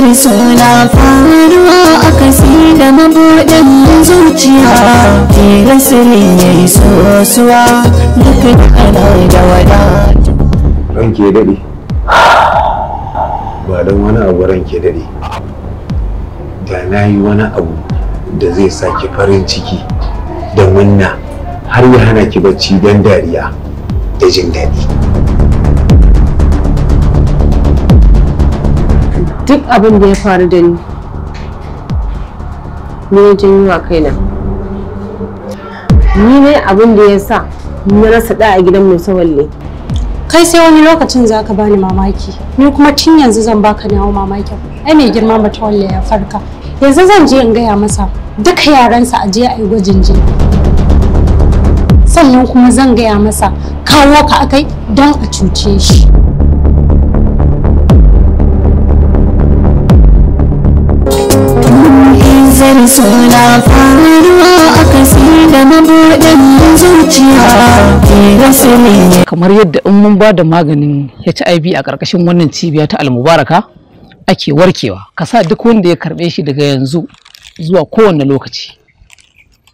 Soyayyar suna faruwa a kasi da mabuɗin zuciya Tira sirin ya yi sosuwa duka da ana da Ranke daɗe Ba don wani abu ranke daɗe Da na yi wani abu da zai saki farin ciki da munna har ya hana ki bacci don dariya da jin daɗi. duk abin da ya faru da ni ni janyo wa kaina ni ne abin da ya sa na rasa da a gidan musa walle kai sai wani lokacin za ka bani mamaki ni kuma tun yanzu zan baka nawo mamakin ai mai girma mata walle ya farka yanzu zan je in gaya masa duka yaransa a je a yi gwajin jini sannan kuma zan gaya masa kawo ka akai don a cuce shi zan suna faruwa a kasi da mabuɗin zuciya ke ne. kamar yadda in mun ba da maganin HIV a ƙarƙashin wannan cibiya ta almubaraka ake warkewa ka sa duk wanda ya karɓe shi daga yanzu zuwa kowane lokaci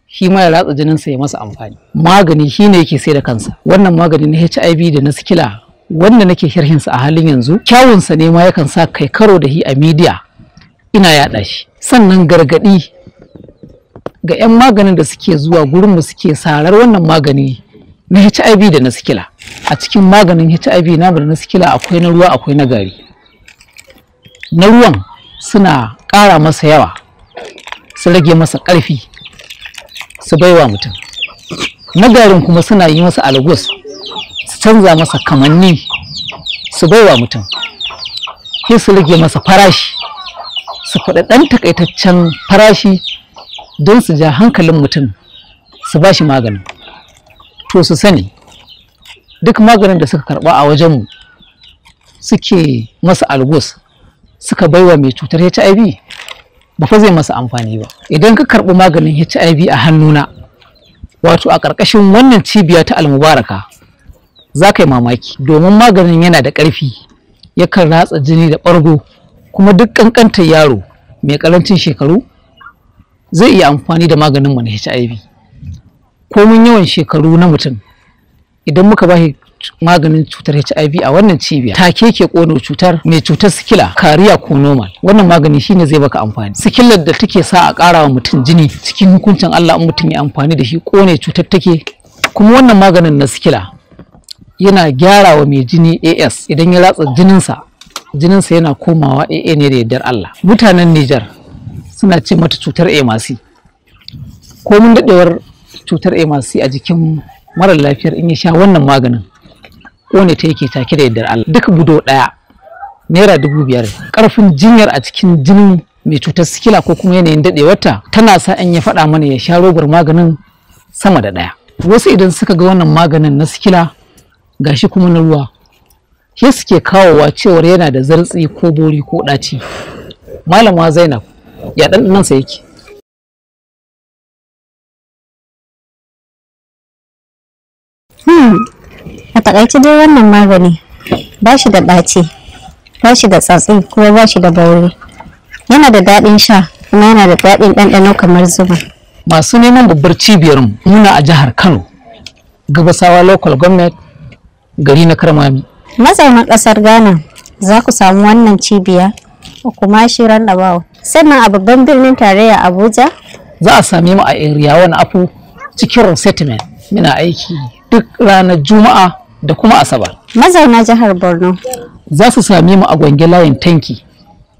shi ma ya ratsa jinin sa ya masa amfani magani shi ne yake sai da kansa wannan magani na hiv da na sikila wanda nake sa a halin yanzu kyawunsa ne ma yakan sa kai karo da hi a midiya. ina yaɗa shi sannan gargaɗi ga 'yan maganin da suke zuwa gurinmu suke sarar wannan magani na hiv da na sikila a cikin maganin hiv namu da na sikila akwai na ruwa akwai na gari na ruwan suna ƙara masa yawa su rage masa ƙarfi su baiwa mutum na garin kuma suna yi masa algus su canza masa kamanni su baiwa mutum sai su rage masa farashi su faɗa ɗan takaitaccen farashi don su ja hankalin mutum su ba shi maganin to su sani duk maganin da suka karɓa a wajenmu suke masa algus suka baiwa mai cutar hiv ba fa zai masa amfani ba idan ka karɓi maganin hiv a hannuna wato a ƙarƙashin wannan cibiya ta almubaraka za ka yi mamaki domin maganin yana da ƙarfi yakan ratsa jini da ɓargo kuma duk kankantar yaro mai karancin shekaru zai iya amfani da maganin mu na HIV komin yawan shekaru na mutum idan muka ba shi maganin cutar HIV a wannan cibiya take ke kono cutar mai cutar sikila kariya ko normal wannan magani shine zai baka amfani sikilar da take sa a ƙara wa mutum jini cikin hukuncin Allah in mutum ya amfani da shi kone cutar take kuma wannan maganin na sikila yana gyara wa mai jini AS idan ya ratsa jininsa Jinin sa yana komawa AA ne da yardar Allah mutanen Nijar suna ce mata cutar AMC ko mun dadewar cutar AMC a jikin mara lafiyar in ya sha wannan maganin kone ta yake take da yardar Allah duk budo daya naira dubu biyar karfin jinyar a cikin jinin mai cutar sikila ko kuma yanayin daɗewarta tana sa in ya faɗa mana ya sha robar maganin sama da ɗaya. wasu idan suka ga wannan maganin na sikila gashi kuma na ruwa shi suke kawowa cewar yana da zartsi ko bori ko ɗaci malama zainab ya ɗan nan sa yake hmm, a takaice dai wannan magani ba shi da ɗaci ba shi da tsatsi kuma ba shi da bauri yana da daɗin sha kuma yana da daɗin ɗanɗano kamar zuba masu neman babbar cibiyar muna a jihar kano gabasawa local government gari na karmami mazaunan ƙasar ghana za ku samu wannan cibiya kuma shi randabawa sannan a babban birnin tarayya abuja za a same mu a area wani afu cikin resettlement muna aiki duk ranar juma'a da kuma Asaba. mazauna jihar borno za su same mu a gwange layin tanki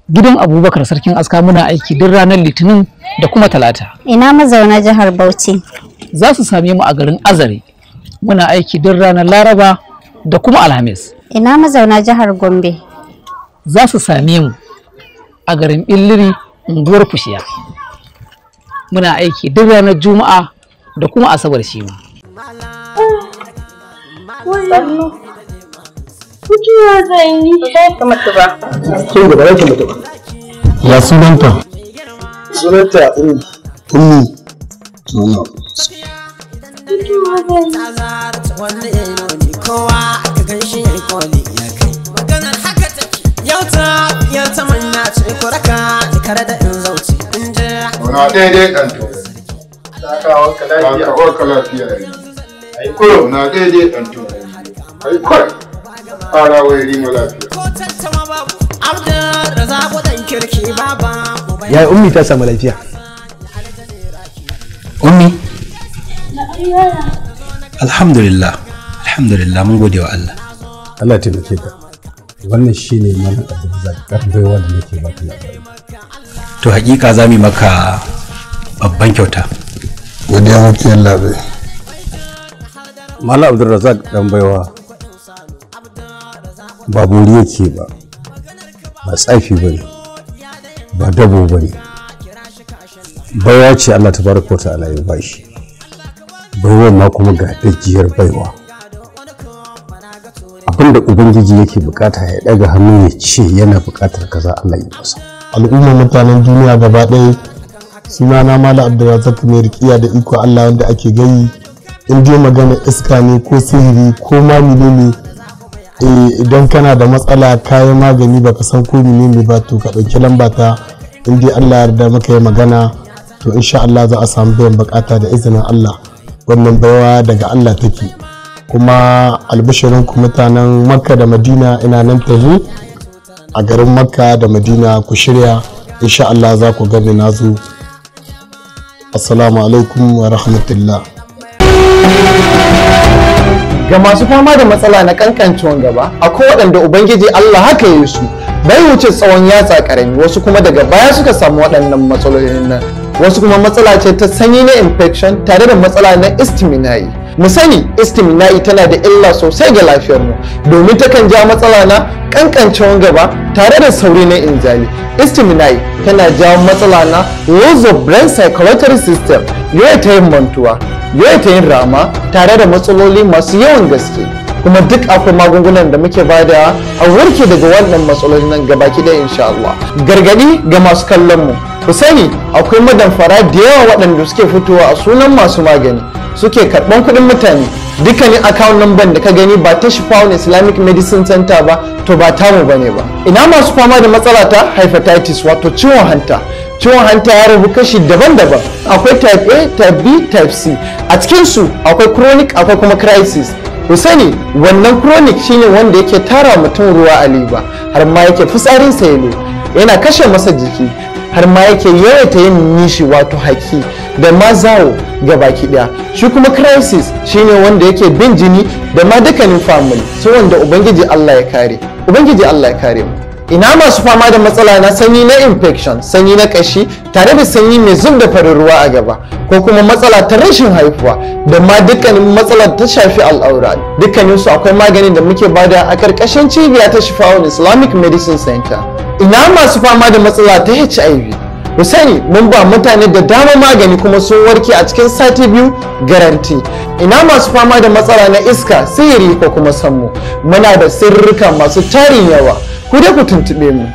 gidan abubakar sarkin aska muna aiki duk ranar litinin da kuma talata ina mazauna jihar bauchi za su same mu a garin azare muna aiki duk ranar laraba da kuma alhamis Ina mazauna jihar Gombe? Za su same mu a garin Billiri unguwar Fushiya. Muna aiki duk ranar Juma'a da kuma Asabar shi ma. Kuciya zan yi. Ba mutu ba. Kin gaba ki mutu ba. Ya sunanta? Sunanta Ummi. Ummi. Wannan. zan yi. kowa aka gan shi ya yi koli ya kai maganar haka yau ta ta manya ce kuraka jikar da in zauce in je na daidai kan to sakawa ka lafiya ka na daidai kan to ai fara wai rima lafiya ko tattama kirki baba ya ummi ta samu lafiya ummi alhamdulillah alhamdulillah mun gode wa Allah Allah taimake ka wannan shine malam Abdulrazak baiwa da nake baka labari to hakika za mu maka babban kyauta godiya muke Allah bai malam Abdulrazak dan baiwa ba buri yake ba ba tsafi ba ne ba dabo ba ne baiwa ce Allah ta baraka wa ta'ala ya bashi baiwa ma kuma ga gajiyar baiwa abinda ubangiji yake bukata ya daga hannu ya ce yana bukatar kaza Allah ya masa al'ummar mutanen duniya gaba ɗaya suna na mala abdulrazak mai rikiya da iko Allah wanda ake gani in je magana iska ne ko sihiri ko ma ne eh, idan kana da matsala kayan magani baka san ko ne ba to ka ɗauki lamba ta in dai Allah yarda maka yi magana to insha Allah za a samu biyan bukata da izinin Allah wannan bawa daga Allah take kuma albishirin mutanen makka da madina ina nan tahi a garin makka da madina ku shirya insha Allah za ku na zo. assalamu alaikum wa rahmatullah ga masu fama da matsala na kankancewan gaba akwai waɗanda ubangiji Allah haka yi su bai wuce tsawon yatsa ƙarami wasu kuma daga baya suka samu waɗannan matsalolin nan wasu kuma matsala ce ta sanyi na infection tare da matsala na istiminai mu sani istiminai tana da illa sosai ga lafiyarmu domin takan ja matsala na kankancewan gaba tare da sauri na injali istiminai tana ja matsala na loss of brain circulatory system yawaita yin mantuwa yawaita yin rama tare da matsaloli masu yawan gaske kuma duk akwai magungunan da muke bada a warke daga wannan matsalolin nan gabaki ɗaya insha Allah gargadi ga masu kallon mu ku sani akwai madamfara da yawa waɗanda suke fitowa a sunan masu magani suke karɓan kuɗin mutane dukkanin account number da ka gani ba ta Shifawun Islamic Medicine Center ba to ba tamu bane ba ina masu fama da matsala ta hepatitis wato ciwon hanta ciwon hanta ya rabu kashi daban-daban akwai type A type B type C a cikin su akwai chronic akwai kuma crisis ku sani wannan chronic shine wanda yake tara mutum ruwa a liba har ma yake fitsarin ne yana kashe masa jiki har ma yake yawaita yin nishi wato haki da ma zawo ga baki daya shi kuma crisis shine wanda yake bin jini da ma dukkanin family so wanda ubangiji Allah ya kare ubangiji Allah ya kare mu ina masu fama da matsala na sanyi na infection sanyi na kashi tare da sanyi mai zub da farin ruwa a gaba ko kuma matsala ta rashin haihuwa da ma dukkanin matsalar ta shafi al'aura dukkanin su akwai maganin da muke bada a karkashin cibiya ta shifaun islamic medicine center ina masu fama da matsala ta hiv ku sani mun ba mutane da dama magani kuma sun warke a cikin sati biyu garanti ina masu fama da matsala na iska sihiri ko kuma sammu muna da sirrika masu tarin yawa ku dai ku tuntube mu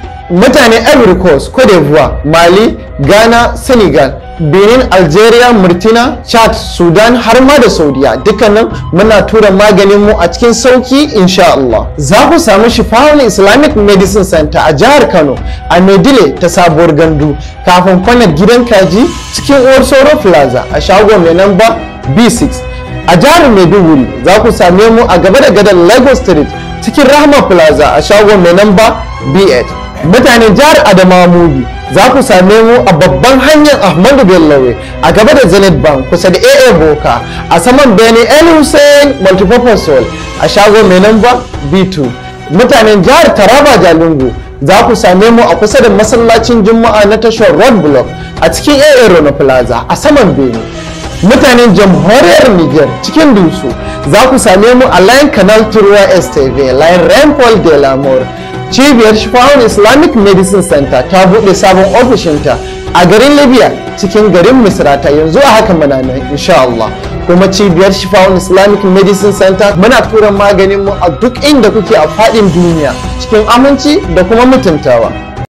mutane ivory coast cote d'ivoire mali ghana senegal benin algeria murtina chad sudan har ma da saudiya dukkanin muna tura maganin mu a cikin sauki insha Allah za ku samu shifawar islamic medicine center a jihar kano a medile ta sabuwar gandu kafin kwanar gidan kaji cikin uwar soro plaza a shago mai namba b6 a jihar maiduguri za ku same mu a gaba da gadon lagos street cikin rahma plaza a shagon mai namba b8 mutanen jihar adamawa mubi za ku same mu a babban hanyar ahmadu bellowe a gaba da zenith bank kusa da aa boka a saman benin el hussein multipurpose a shagon mai namba b2 mutanen jihar taraba jalingo za ku same mu a kusa da masallacin juma'a na tashar road block a cikin aa rona plaza a saman benin mutanen jamhuriyar niger cikin dusu za ku same mu a layin canal turwa stv layin rainfall de la cibiyar Shifawan islamic medicine center ta buɗe sabon ofishinta a garin libya cikin garin misrata yanzu a haka mana nan insha Allah kuma cibiyar Shifawan islamic medicine center muna tura maganinmu a duk inda kuke a faɗin duniya cikin aminci da kuma mutuntawa